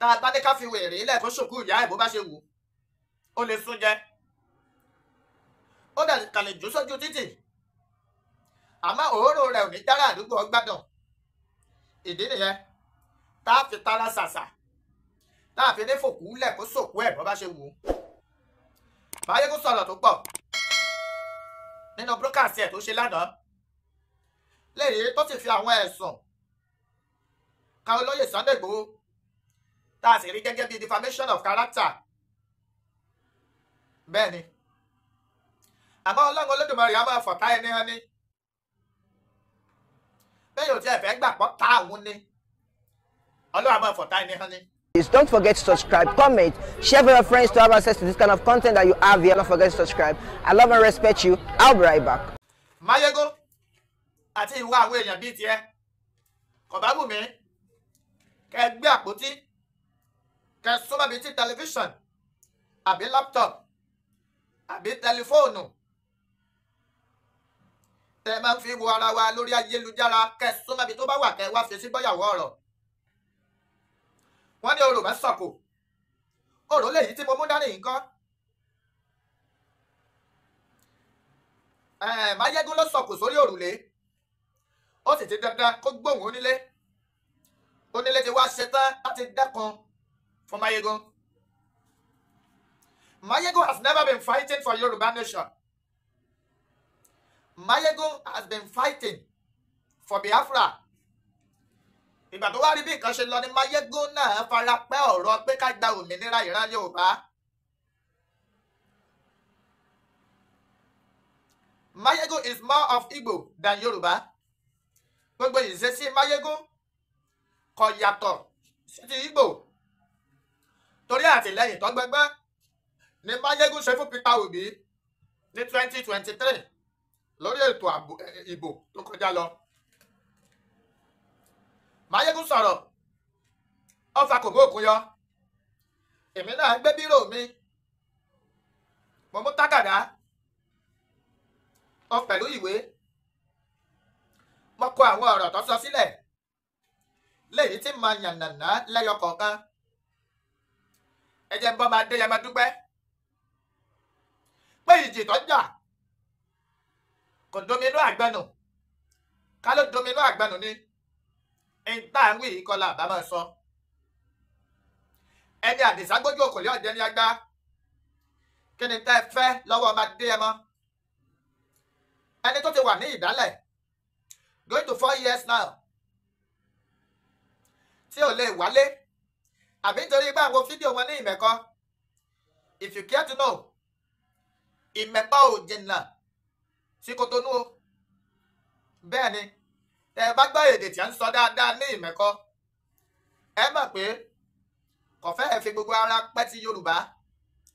tá a bá ní ká fi wèrè ilẹ̀ kó ṣòkú ìyá ẹ̀ bó bá ṣe wù ó lè sún jẹ ó dẹ̀ kàn lè jó sójú títì àmọ́ òórùn rẹ̀ ò ní dára àdúgbò ọgbàdàn ìdí nìyẹn tá a fi tara ṣàṣà tá a fi ní fòkú lẹ̀ kó ṣòkú ẹ̀ bó bá ṣe wù báyé kó sọ̀rọ̀ tó pọ̀ nínú brókàsì ẹ̀ tó ṣe lánàá lẹ́yìn tó ti fi àwọn ẹ̀sùn kàwé lóye Sunday Igboho tá a sì rí gẹ́gẹ́ bí defamation of character bẹ́ẹ̀ ni àmọ́ ọlọ́run olódùmarè á máa fọ̀tá ẹni hàn ni bẹ́ẹ̀ yóò tiẹ̀ fẹ́ gbà pọ̀ tá àwọn ni ọlọ́run á máa fọ̀tá ẹni hàn ni. Please don't forget to subscribe, comment, share with your friends to have access to this kind of content that you have here. Don't forget to subscribe. I love and respect you. I'll be right back. Mayego àti ìwà àwọn èèyàn bíi tiẹ̀ kọ̀bá wù mí kẹ́ ẹ gbé àpótí kẹ́ súnmọ́ bíi ti tẹlifíṣàn àbí laptop àbí tẹlifóònù tẹ máa ń fi wo ara wa lórí ayélujára kẹ́ súnmọ́ bíi tó bá wà kẹ́ wá fi sí gbọ́yàwó ọ̀rọ̀ wọ́n ní orò bá sọ̀kò orò lèyí tí mo mú dání nǹkan máyégún ló sọ̀kò sórí òrùlé ó sì ti dandan kó gbóhùn onílé onílé ti wá ṣetán láti dẹ́kun for Mayego, Mayego has never been fighting for Yoruba nation. Mayegun has been fighting for Biafra. Ìgbà tó wá rí bí nǹkan ṣe lọ ni Mayego. náà fara pẹ́ ọ̀rọ̀ pé ká gba òmìnira ìran Yorùbá. Mayegun is more of Igbo than Yorùbá. Gbogbo ìṣesí Mayego, kò yàtọ̀ sí ti Igbo torí àtìlẹ́yìn tó gbẹgbẹ́ ní Báyégún ṣe fún Peter Obi ní twenty twenty three lórí ètò eh, ìbò tó kọjá lọ Báyégún sọ̀rọ̀ ó fa kòkó òkun yọ èmi náà gbé bírò mi mo mú tákàdá ọ pẹ̀lú ìwé mo kọ àwọn ọ̀rọ̀ tó sọ sílẹ̀ léyìí tí mo yànnàná lẹ́yọ kọ̀ọ̀kan ẹ bọ́ máa dé yẹn dúpẹ́ pé ìjì tó jà kò dominú àgbẹnù ká ló dominú àgbẹnù ni ìtàwí ìkọlà àbámọ̀ sọ ẹni àdìságbójú òkòlé ọ̀jẹ̀ ní agbá kí ni tẹ́ fẹ́ lọ́wọ́ máa dé ẹ ẹni tó ti wà ní ìdálẹ̀ going to four years now tí ò lè wálé àbí nítorí bá àwọn fídíò wọn ní ìmẹ̀kọ if you care to know ìmẹ̀kọ ò jìnnà sí Kotonu o bẹ́ẹ̀ ni tẹ́ ẹ bá gbọ́ èdè tí a ń sọ dáadáa ní ìmẹ̀kọ ẹ mọ̀ pé kò fẹ́ẹ́ fi gbogbo ara pẹ́ ti Yorùbá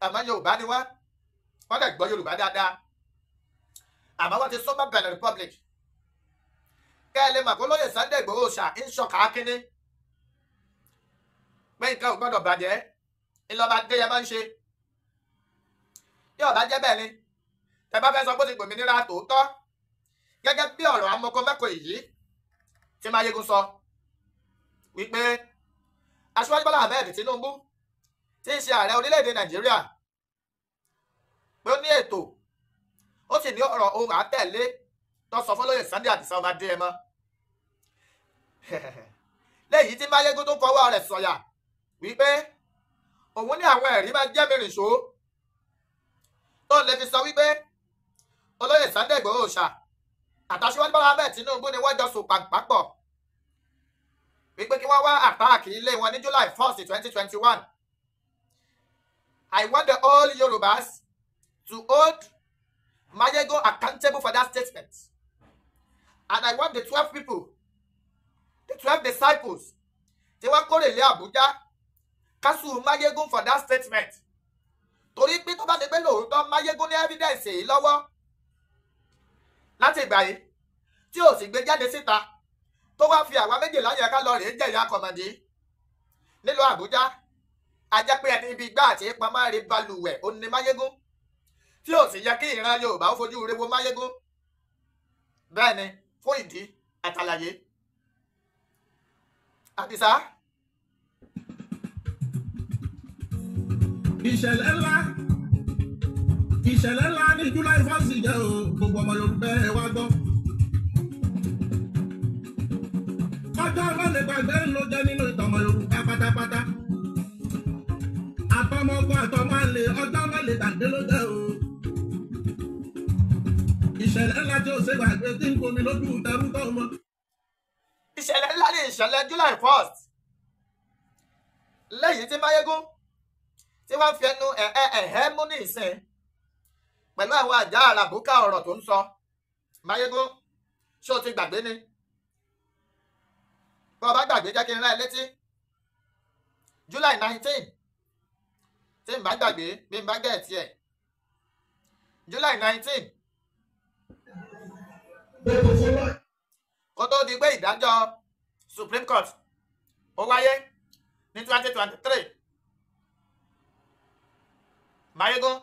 àmọ́ Yorùbá ni wá wọ́n dẹ̀ gbọ́ Yorùbá dáadáa àmọ́ wọ́n ti sún mọ́ Benin Republic kẹ́ ẹ lè mọ̀ kó lóye Sunday Igboho ṣà ń ṣọ̀kà kínní pé nǹkan ò gbọ́dọ̀ bàjẹ́ ńlọba déyà bá ń ṣe yóò bá jẹ́ bẹ́ẹ̀ ni tẹ́ bá fẹ́ sọ pé ó ti gbòmìnira tòótọ́ gẹ́gẹ́ bí ọ̀rọ̀ amọ̀kọ mẹ́kọ̀ọ́ èyí tí Máyégún sọ wípé aṣíwájú Bọ́lá Ahmed Tinubu tí ń ṣe ààrẹ orílẹ̀-èdè Nàìjíríà pé ó ní ètò ó sì ní ọ̀rọ̀ ohun àtẹ̀lé tó sọ fún lóye Sunday Adisa ọba dé ẹ mọ́ lẹ́yìn tí Máyégún tó fọwọ́ rẹ̀ sọ̀yà wípé òun ní àwọn ẹ̀rí máa jẹ́ mi rìnṣó tó lè fi sọ wípé olóyè Sunday Igboho Òòṣà àtàṣíwájú Bọ́lá Ahmed Tinubu ni wọ́n jọ sùn pàǹpàpọ̀ wípé kí wọ́n wá àtàkì ilé wọn ní July 1st 2021 I want the all Yorubas to hold Mayego accountable for that statement and I want the twelve people the twelve disciples tí wọ́n kórè lé Àbújá kásù mayegun for that statement torí pé tó bá ṣe pé lóòótọ́ mayegun ní evidence yìí lọ́wọ́ láti ìgbà yìí tí ò sì gbé jáde síta tó wá fi àwa méjìlá yẹn ká lọ rèé jẹ̀yà kọ̀mọ̀dé nílùú àbújá ajá pé ẹni ibi gbá àti pamọ́ rí balùwẹ̀ ó ní mayegun tí ò sì yẹ kí ìran yorùbá ó fojú rewo mayegun bẹ́ẹ̀ ni fún ìdí àtàlàyé àdìsá. ìṣẹ̀lẹ̀ ńlá ìṣẹ̀lẹ̀ ńlá ní July first jẹ́ o gbogbo ọmọ Yorùbá ẹ wá gbọ́. ọjọ́ ọlọ́lẹ̀ gbàgbé ló jẹ́ nínú ìtọ́mọ Yorùbá pátápátá. àtọmọ ọkọ àtọmọ àlè ọjọ́ ọlọ́lẹ̀ gbàgbé ló jẹ́ o. ìṣẹ̀lẹ̀ ńlá tí ó ṣe gbàgbé tí ń gbomi lójú tẹrú tọ́ ọmọ. ìṣẹ̀lẹ̀ ńlá ni ìṣẹ̀lẹ̀ July first lẹ́yìn tí máyégún tí wọ́n fi ẹnu ẹ̀hẹ́ mú ní ìsìn pẹ̀lú àwọn àjà àràbùkà ọ̀rọ̀ tó ń sọ Máyégún ṣé o ti gbàgbé ni bọ́ ọ bá gbàgbé jẹ́ kí n rán ẹ létí July nineteen tí n bá gbàgbé bí n bá gẹ̀ tiẹ̀ July nineteen kó tó di pé ìdájọ́ Supreme Court ó wáyé ní twenty twenty three. Maiyegun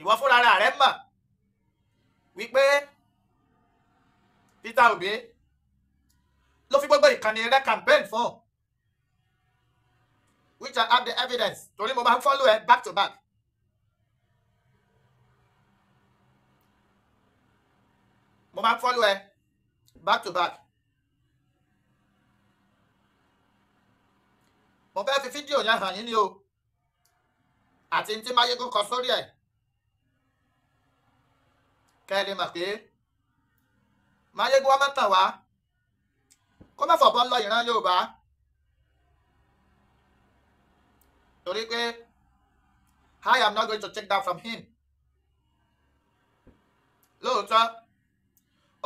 ìwọ fúnra rẹ mọ̀ wípé Peter Obi ló fi gbogbo ìkànnì rẹ campaign fún which I have the evidence torí mo máa ń follow ẹ back to back. mo máa ń follow ẹ back to back. mo fẹ́ fi fídíò yẹn hàn yín ni o àti ní tí máyégún kọ sórí ẹ̀ kẹ́lẹ́ mọ̀ pé máyégún wọn mọ̀tàn wá kó má fọ̀bọ́ lọ ìran Yorùbá torí pé I am not going to take that from him lóòótọ́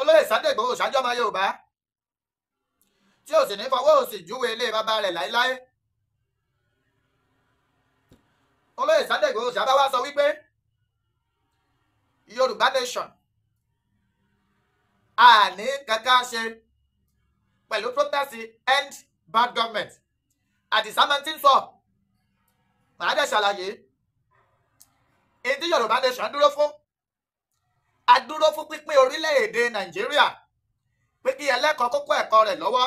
olóyè sàdégbò òṣàjọ́ ọmọ Yorùbá tí ó sì ní fọwọ́ òsì júwe ilé bàbá rẹ̀ láéláé olóyè Sunday Igboho Òòṣà wá sọ wípé yorùbá nation àní kankan ṣe pẹ̀lú protest end bad government àdìsá máa ti ń sọ màá dẹ̀ ṣàlàyé èyí tí yorùbá nation dúró fún a dúró fún pínpín orílẹ̀-èdè nàìjíríà pé kí ẹlẹ́kọ̀ọ́ kókó ẹ̀kọ́ rẹ̀ lọ́wọ́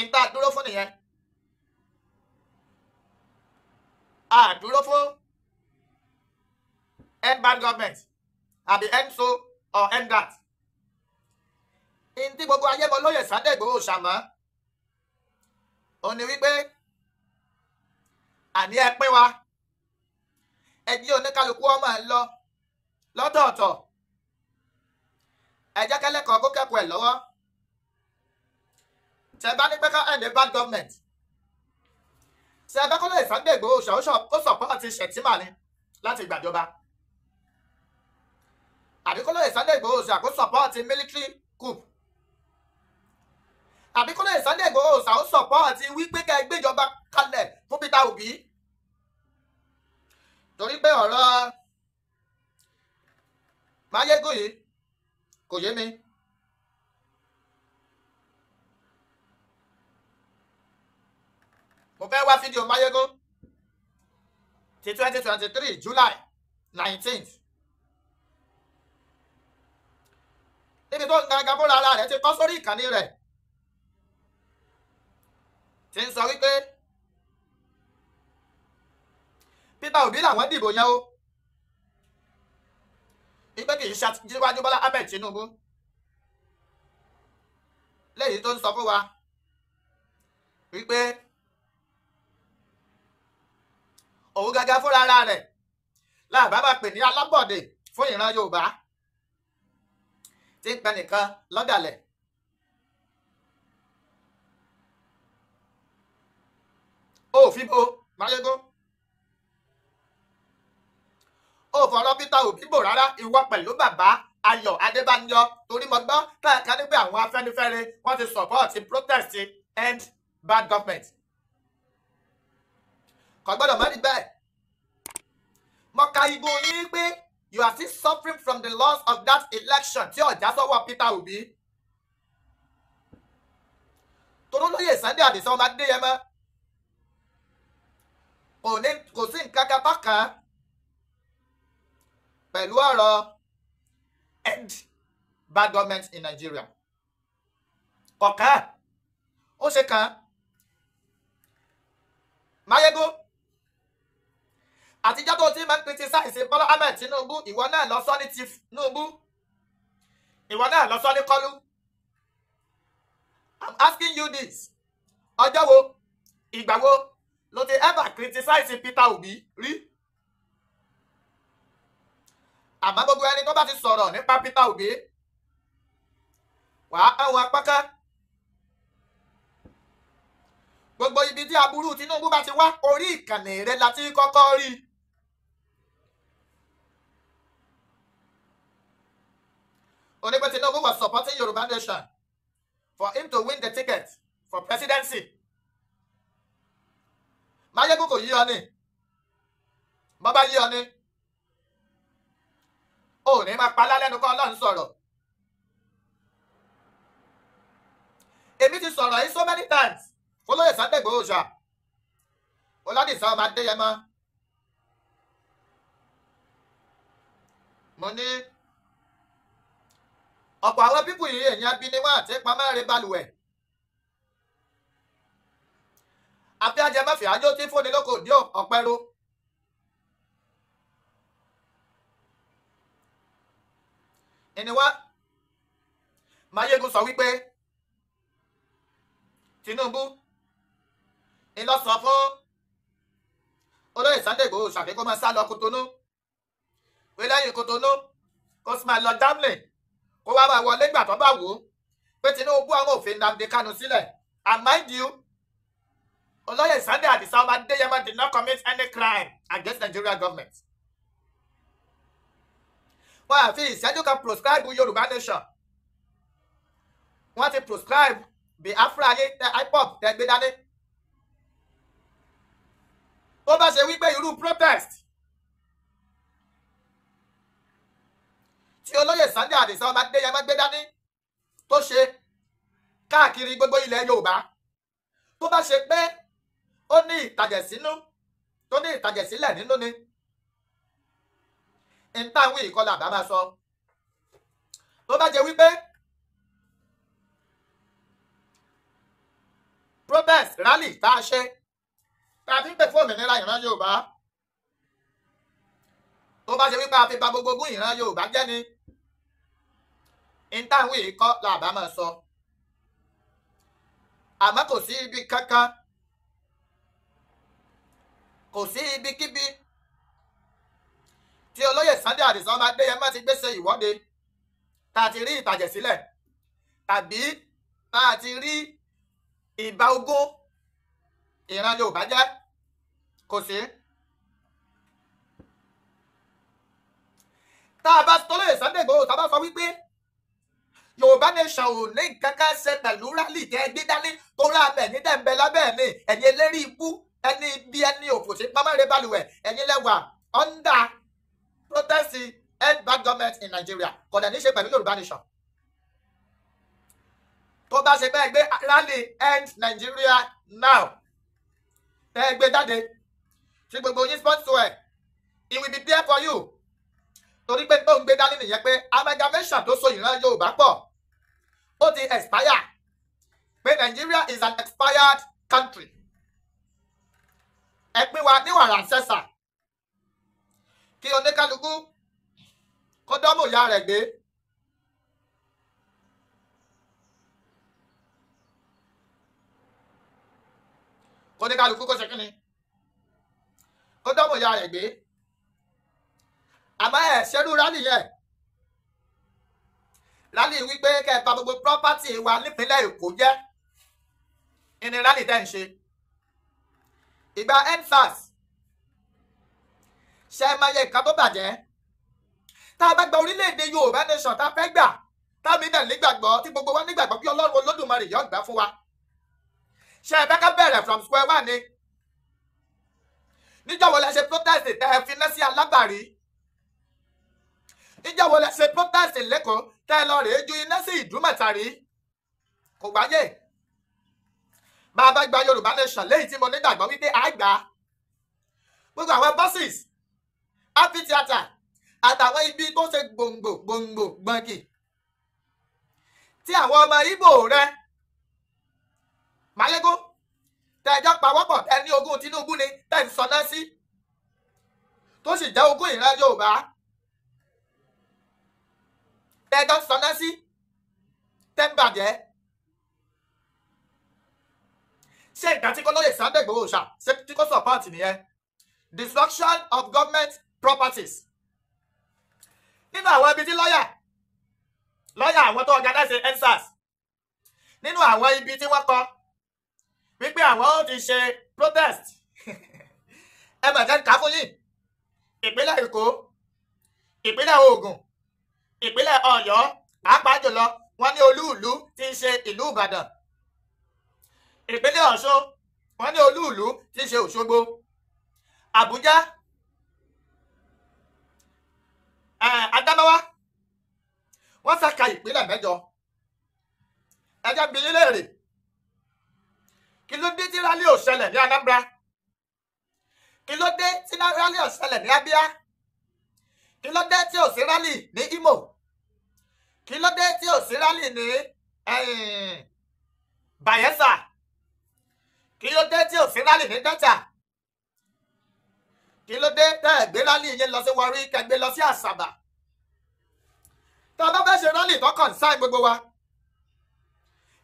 ìta dúró fún nìyẹn àdúró fún end bad government àbí end so or end that ní tí gbogbo ayébọ lóye sádẹ́gbòho ṣàmọ́ ó ní wípé àní ẹ pín wa ẹjí oníkálukú ọmọ ẹ lọ lọ́tọ̀ọ̀tọ̀ ẹ jẹ́ kẹ́lẹ́kọ̀ọ́ kó kẹ́kọ̀ọ́ ẹ̀ lọ́wọ́ tẹ bá ní pé ká end bad government ṣe abẹ́kọ́lẹ̀ Sunday Igboho ó sọ̀pọ́ọ̀tì Shettima ni láti gbàjọba àbíkọ́lẹ̀ Sunday Igboho ó sọ̀pọ́ọ̀tì military coup àbíkọ́lẹ̀ Sunday Igboho ó sọ̀pọ́ọ̀tì wípé ká gbéjọba kalẹ̀ fún Peter Obi torí pé ọ̀rọ̀ máyégún yìí kò yé mi. mo fẹ́ wá fídíò Máyégún ti twenty twenty three July nineteenth níbi tó gangan fúnra ara rẹ̀ ti kọ́ sórí ìkànnì rẹ̀ ti ń sọ wípé Peter Obi làwọn dìbò yẹn o wípé kì í ṣàtìwájú Bọ́lá Ahmed Tinubu léyìí tó ń sọ fún wa wípé. òun gangan fúnra ara rẹ̀ làbá bá pè ní alábọ̀dé fún ìran Yorùbá tí ń pẹ nìkan lọ́dàlẹ̀. òfin bo Máyégún òfọ̀rọ̀ Peter Obi bò rárá ìwọ pẹ̀lú bàbá Ayọ̀ Adébánjọ torí mo gbọ́ káàkiri pé àwọn Afẹ́nifẹ́re wọ́n ti support protest end bad government kò gbọ́dọ̀ má rí bẹ́ẹ̀ mo ka ibo yín pé you are still suffering from the loss of that election tí ọ̀já sọ́wọ́ Peter Obi toró lóye Sunday Àdìsán ọmọ Adéyẹmọ kò sí nǹkan kan bákan pẹ̀lú ọ̀rọ̀ end bad government in Nigeria kọ̀ọ̀kan ó ṣe kan Mayegun àtijọ́ tó ti máa ń criticize Bọ́lá Ahmed Tinubu ìwọ náà lọ sọ ní Tinubu ìwọ náà lọ sọ ní Kọ́lú I'm asking you this ọjọ́ wo ìgbà wo ló ti ever criticize Peter Obi rí àmọ́ gbogbo ẹni tó bá ti sọ̀rọ̀ nípa Peter Obi wàá àwọn apá kan gbogbo ibi tí aburú Tinubu bá ti wá orí ìkànnì rẹ la kọ́kọ́ rí i. Onígbé Tinubu was supporting Yoruba Nation for him to win the ticket for presidency. Mayegun kò yí ọ ní. Bàbá yí ọ ní. O ò ní máa pa lálẹ́nu kọ́ Ọlọ́run sọ̀rọ̀. Èmi ti sọ̀rọ̀ yìí so many times. Olóyè Sunday Igboho Oòṣà. Oládìsá ọmọ Adéyẹmọ. Mo ní ọ̀pọ̀ àwọn pípù yìí ẹ̀yìn abiniwá àti pamẹ́rẹ́ balùwẹ̀ àfi ajẹmẹ́fẹ́ ajó tí fúnni lóko ní ọ̀pẹ́rú. ìníwá Mayegun sọ wípé Tinubu ìlọsọ fún olóyè Sunday Igboho ṣàfikún máa sá lọ Kotonu wílẹ́yìn Kotonu kó sì máa lọ Dublin kó wá bá wọlé gbà tó bá wò ó pé Tinubu àwọn òfin Nnamdi Kanu sílẹ̀ and mind you olóyè Sunday Adisa ọba Adéyẹmọ did not commit any crime against Nigeria government wọ́n àfi ìṣẹ́jú kan proscribe Yorùbá nation wọ́n ti proscribe Biafra ayé eh, IPOB tẹ́gbẹ́dání bó bá ṣe wípé irú protest tí olóyè Sunday Adisa ọba adéyẹ má gbé dání tó ṣe káàkiri gbogbo ilẹ̀ Yorùbá tó bá ṣe pé ó ní ìtàjẹ̀sínú tó ní ìtàjẹ̀sílẹ̀ nínú ni ìtàwí ìkọlà bàbá sọ tó bá jẹ́ wípé protest rally tá a ṣe tàbí pè fún òmìnira ìran Yorùbá tó bá ṣe wípé a fi ba gbogbo ogún ìran Yorùbá jẹ́ ni ìtàwé yìí kọ́ làbá máa sọ àmọ́ kò sí ibi kankan kò sí ibikíbi tí olóyè Sunday Adìsán ọmọ Adéyẹmọ ti gbèsè ìwọ́de tá a ti rí ìtàjẹ̀sílẹ̀ tàbí tá a ti rí ìbá ogún ìran Yorùbá jẹ́ kò sí. tá a bá tọ́lẹ̀ Sunday Igboho tá a bá sọ wípé yorùbá nation ò ní nǹkan kan ṣe pẹ̀lú rálì tẹ́ ẹ gbé dání tó rà bẹ̀ ní dẹ̀ǹbẹ̀ lábẹ́ mi ẹ̀yin eléré ibú ẹni bí ẹni òkò sí pamọ́ rẹ balùwẹ̀ ẹ̀yin lẹ́wà under protest end bad government in Nigeria kò dẹ̀ ní ṣe pẹ̀lú yorùbá nation tó bá ṣe bẹ́ẹ̀ gbé rally end Nigeria now tẹ́ ẹ gbé jáde ṣe gbogbo yín sponsor ẹ̀ it will be there for you torí pé tó ń gbé dání nìyẹn pé amalgamation tó so ìran yorùbá pọ̀ ó ti expire pé Nigeria is an expired country ẹ pín wa ní wàrà sẹ́sà kí oníkálukú kó dánwò ìyá rẹ̀ gbé. kó ní kálukú kó ṣe kí ni kó dánwò ìyá rẹ̀ gbé àmọ́ ẹ̀ ṣerú rálì yẹn rally wípé kẹ́ ẹ bà gbogbo property wa nípínlẹ̀ èkó jẹ́ ìní rally tẹ́ ń ṣe ìgbà endsars ṣe máa yẹ nǹkan tó bàjẹ́ tá a bá gba orílẹ̀-èdè yorùbá nation tá a fẹ́ gbà tábí náà nígbàgbọ́ tí gbogbo wa nígbàgbọ́ pé ọlọ́run olódùmarè yóò gbà fún wa ṣe ẹ̀fẹ́ ká bẹ̀rẹ̀ from square one ni níjọ́ wo lẹ ṣe protest tẹ ẹ fi ná sí alábàárí níjọ́ wo lẹ ṣe protest lẹ́kọ̀ọ́ tẹ́ ẹ lọ rèé ju iná sí ìdúmọ̀tàrí kò gbáyé máa bá gba yorùbá nation léyìí tí mo nígbàgbọ́ wípé a gbà á gbogbo àwọn buses happy theatre àtàwọn ibi tó ṣe gbòǹgbò gbòǹgbò gbọ̀ngì tí àwọn ọmọ Ìgbò rẹ màlẹ́gùn tẹ̀jọ́ pawọ́pọ̀ ẹni ogún Tinubu ni tẹ̀ ń sọdá sí tó sì jẹ́ ogún ìran Yorùbá tẹ́ tọ́ sọná sí tẹ́ ń bàjẹ́ ṣé ìgbà tí kọ́lọ́yè Sunday Igboho ṣá ṣé tí kò support nìyẹn destruction of government properties Nino nínú àwọn ibi lawyer. Lawyer lọ́yà àwọn tó organize endsars nínú àwọn ibi tí wọ́n kọ wípé àwọn ó ti ṣe protest ẹ mọ̀ jẹ́ ká fún yìí ìpínlẹ̀ Èkó ìpínlẹ̀ Ògùn ìpínlẹ̀ ọ̀yọ́ pàápàá jùlọ wọ́n ní olúùlú tí í ṣe ìlú ìbàdàn ìpínlẹ̀ ọ̀ṣun wọ́n ní olúùlú tí í ṣe òṣogbo àbújá adámáwá wọ́n fẹ́ ka ìpínlẹ̀ mẹ́jọ ẹjẹ́ bí nílé rè kí ló dé tí rálí ò ṣẹlẹ̀ ní anambra kí ló dé tí rálí ò ṣẹlẹ̀ ní abia kí ló dé tí ò sí rálì ní Imo kí ló dé tí ò sí rálì ní Bayelsa kí ló dé tí ò sí rálì ní Delta kí ló dé tẹ́ ẹ̀ gbé rálì yẹn lọ sí Warri kẹgbẹ́ lọ sí Àsàbà tá a bá fẹ́ ṣe rálì tó kàn sáì gbogbo wa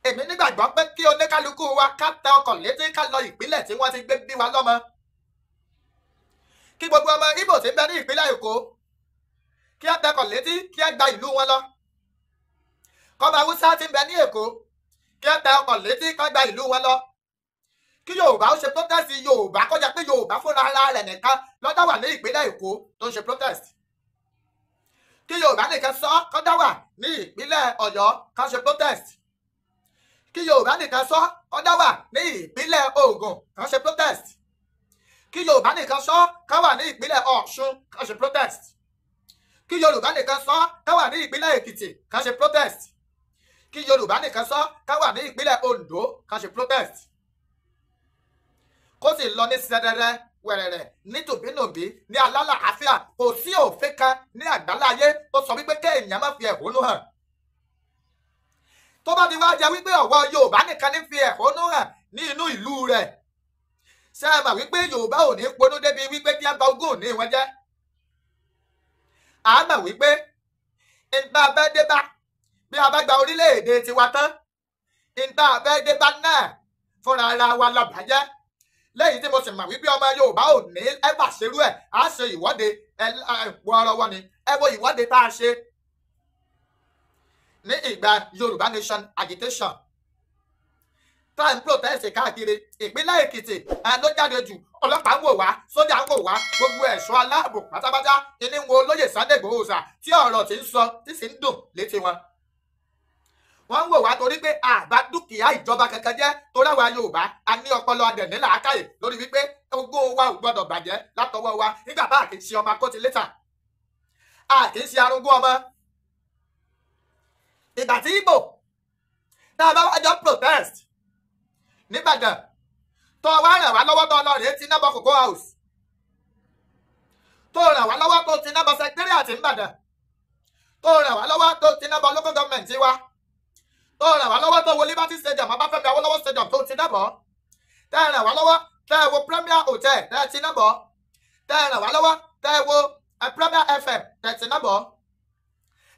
èmi nígbàgbọ́ pé kí oníkálukú wa ká tẹ ọkàn létí ká lọ ìpínlẹ̀ tí wọ́n ti gbé bí wa lọ́mọ kí gbogbo ọmọ Ìgbò tí bẹ ní ìpínlẹ̀ Èkó kí á gbẹkọ̀ létí kí á gba ìlú wọn lọ kọ́mọ haúsá ti ń bẹ ní èkó kí á gbẹkọ̀ létí kí á gba ìlú wọn lọ kí yorùbá ó ṣe protest yorùbá kọjá pé yorùbá fúnra ara rẹ̀ nìkan lọ́dá wà ní ìpínlẹ̀ èkó tó ń ṣe protest kí yorùbá nìkan sọ kọ́dá wà ní ìpínlẹ̀ ọ̀yọ́ kan ṣe protest kí yorùbá nìkan sọ kọ́dá wà ní ìpínlẹ̀ ògùn kan ṣe protest kí yorùbá nìkan sọ kán wà ní ìpínlẹ̀ ọ̀ṣun kan ṣe protest kí yorùbá nìkan sọ káwà ní ìpínlẹ̀ èkìtì ká ṣe protest kí yorùbá nìkan sọ káwà ní ìpínlẹ̀ ondo ká ṣe protest kó sì lọ ní sẹdẹrẹ wẹ̀rẹ̀rẹ̀ ní tòbínòbí ní alálà àfíà kò sí òfin kan ní àgbáláyé tó sọ wípé kéèyàn má fi ẹ̀hónú hàn tó bá ti wá jẹ wípé ọ̀wọ́ yorùbá nìkan ní fi ẹ̀hónú hàn ní inú ìlú rẹ̀ ṣe é mà wípé yorùbá ò ní ponú débi wípé kí á ba ogún òní wọn jẹ́ a mọ̀ wípé nta fẹ́ dé bá bí a bá gba orílẹ̀-èdè tiwa tán nta fẹ́ dé bá náà fúnra ara wa la bàjẹ́ lẹ́yìn tí mo sì mọ̀ wípé ọmọ Yorùbá ò ní ẹ̀fà ṣerú ẹ̀ á ṣe ìwọ́de wọ́ọ́rọ́wọ́ ni ẹ wo ìwọ́de tá a ṣe ní ìgbà Yorùbá nation agitation tá à ń protest káàkiri ìpínlẹ̀ èkìtì ló jáde jù ọlọ́pàá ń wò wá sójà ń wò wá gbogbo ẹ̀ṣọ́ aláàbò pátápátá ìní wo olóyè Sunday Igboho Oòṣà tí ọ̀rọ̀ ti ń sọ tí sì ń dùn létí wọn wọ́n ń wò wá torí pé àbá dúkìá ìjọba kankan jẹ́ torí àwa yorùbá a ní ọpọlọ adẹ̀ní làákàyè lórí wípé ogún wa ò gbọdọ̀ bàjẹ́ látọwọ́ wa nígbà bá àkì ṣe ọmọ akóti létà a kì í ṣe arúgbó ọmọ. ìgbà tí ibo tá a bá wájọ protest nìbàdàn tó wá ràn wá lọ́wọ́ tó ọlọ́rẹ̀ ti nọ́bọ̀ Cocoa House tó ràn wá lọ́wọ́ tó ti nọ́bọ̀ sẹkítírì àti nìbàdàn tó ràn wá lọ́wọ́ tó ti nọ́bọ̀ local government wa tó ràn wá lọ́wọ́ tó wo Liberty Stadium Ọbáfẹ́mi Awólọ́wọ̀ Stadium tó ti nọ́bọ̀ tẹ́ ràn wá lọ́wọ́ tẹ́ wo Premier Hotel tẹ́ ti nọ́bọ̀ tẹ́ ràn wá lọ́wọ́ tẹ́ wo Premier FM tẹ́ ti nọ́bọ̀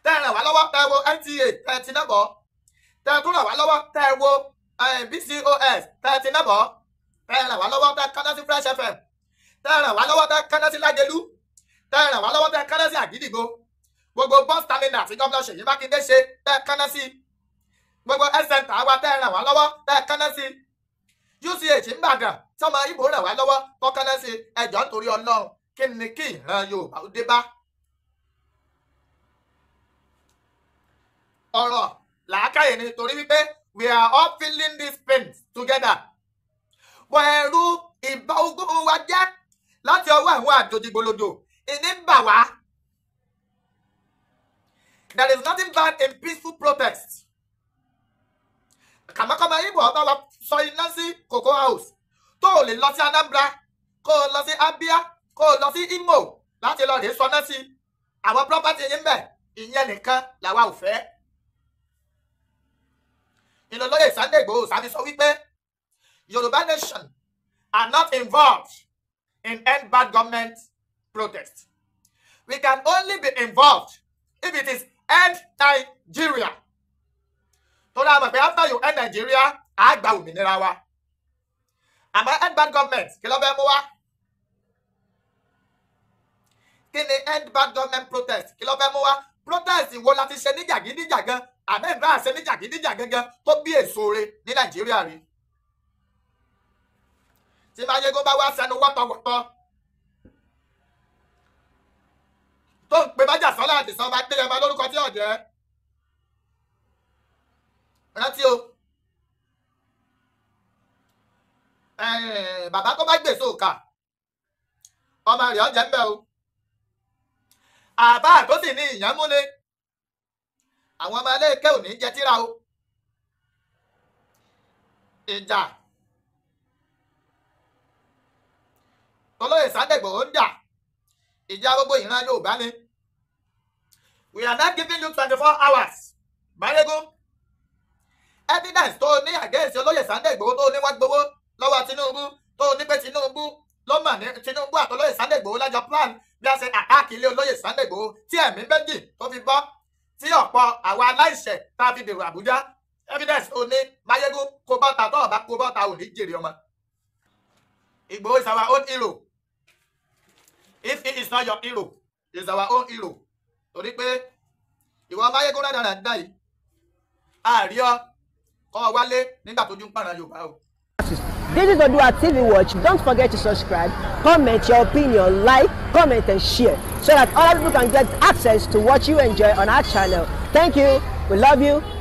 tẹ́ ràn wá lọ́wọ́ tẹ́ wo NTA tẹ́ ti nọ́bọ̀ tẹ́ tún ràn wá lọ́wọ́ tẹ́ wo bcos tẹ́ ti lẹ́bọ̀ọ́ tẹ́ ràn wá lọ́wọ́ tẹ́ kánná sí fresh fm tẹ́ ràn wá lọ́wọ́ tẹ́ kánná sí lájẹlú tẹ́ ràn wá lọ́wọ́ tẹ́ kánná sí àgídìgbò gbogbo bus terminal tí gómìnà Ṣèyí Mákindé ṣe tẹ́ kánná sí gbogbo ẹsẹ̀ntà wa tẹ́ ràn wá lọ́wọ́ tẹ́ kánná sí uch ńbàdàn sọmọ ibo ràn wá lọ́wọ́ tó kánná sí ẹjọ́ nítorí ọlọ́run kí ni kí ìran yorùbá ó dé bá. ọ̀rọ̀ làákàyè ni torí wípé we are all feeling this pain together. wọ ẹ̀rù ìbá ogún wa jẹ́ láti ọwọ́ àwọn àjòjì gbòlòdò ìní ń bà wá. there is nothing bad in peaceful protest. kàmákàmá ibo ọba wa sọ iná sí cocoa house tó o lè lọ sí Anambra kó o lọ sí Abia kó o lọ sí Imo láti lọ rèé sọ náà sí àwọn property yín bẹ̀ ìyẹn nìkan làwa ò fẹ́ ìlọlọ́yẹ̀ Sunday Igboho sáfi sọ wípé Yorùbá nation are not involved in end bad government protest we can only be involved if it is end Nigeria torí a mọ̀ after you end Nigeria a gba òmìnira wa àmọ́ end bad government kí ló fẹ́ mú wá kí ni end bad government protest kí ló fẹ́ mú wá protest wo la ti ṣe ní jàgídíjàgan àbẹ́ ìbá àṣẹ ní jàgídíjà tó bí èso re ní nàìjíríà rí tí máyégún bá wá sẹnu wọ́tọ̀wọ́tọ̀ tó ń pe bájà sọ́lá àdìsán máa dé ẹ̀ma lórúkọ tí ọ̀jẹ́ rántí o bàbá tó bá gbèsè òkà ọmọ rẹ̀ ọ̀jẹ̀ ń bẹ̀ o àbá tó sì ní ìyàmúlé àwọn ọmọ ẹlẹ́ẹ̀kẹ́ ò ní jẹ tíra o ìjà olóyè sádẹ́gbò ó ń jà ìjà gbogbo ìran Yorùbá ni we are not giving you twenty four hours báyégún evidence tó ní against olóyè sádẹ́gbò tó ní wọ́n gbowó lọ́wọ́ Tinubu tó ní pé Tinubu ló mọ̀ ní Tinubu àtolóyè sádẹ́gbò lájọ plan bí a ṣe àkáàkiri olóyè sádẹ́gbò tí ẹ̀mí méjì tó fi bọ́ tí ọ̀pọ̀ àwọn aláìṣẹ̀ tá a fi dèrò Àbújá evidence ò Mayegun kó bọ́ta tó ọ̀bá kó bọ́ta ò jèrè ọmọ Igboho is our own hero if he is not your hero he is our own hero torí pé ìwọ Mayegun rẹ̀ dára dá yìí àárí ọ kọ́ ọ wálé nígbà tójú ń pààrọ̀ Yorùbá o. This is Odua TV Watch. Don't forget to subscribe, comment your opinion, like, comment and share so that other people can get access to what you enjoy on our channel. Thank you. We love you.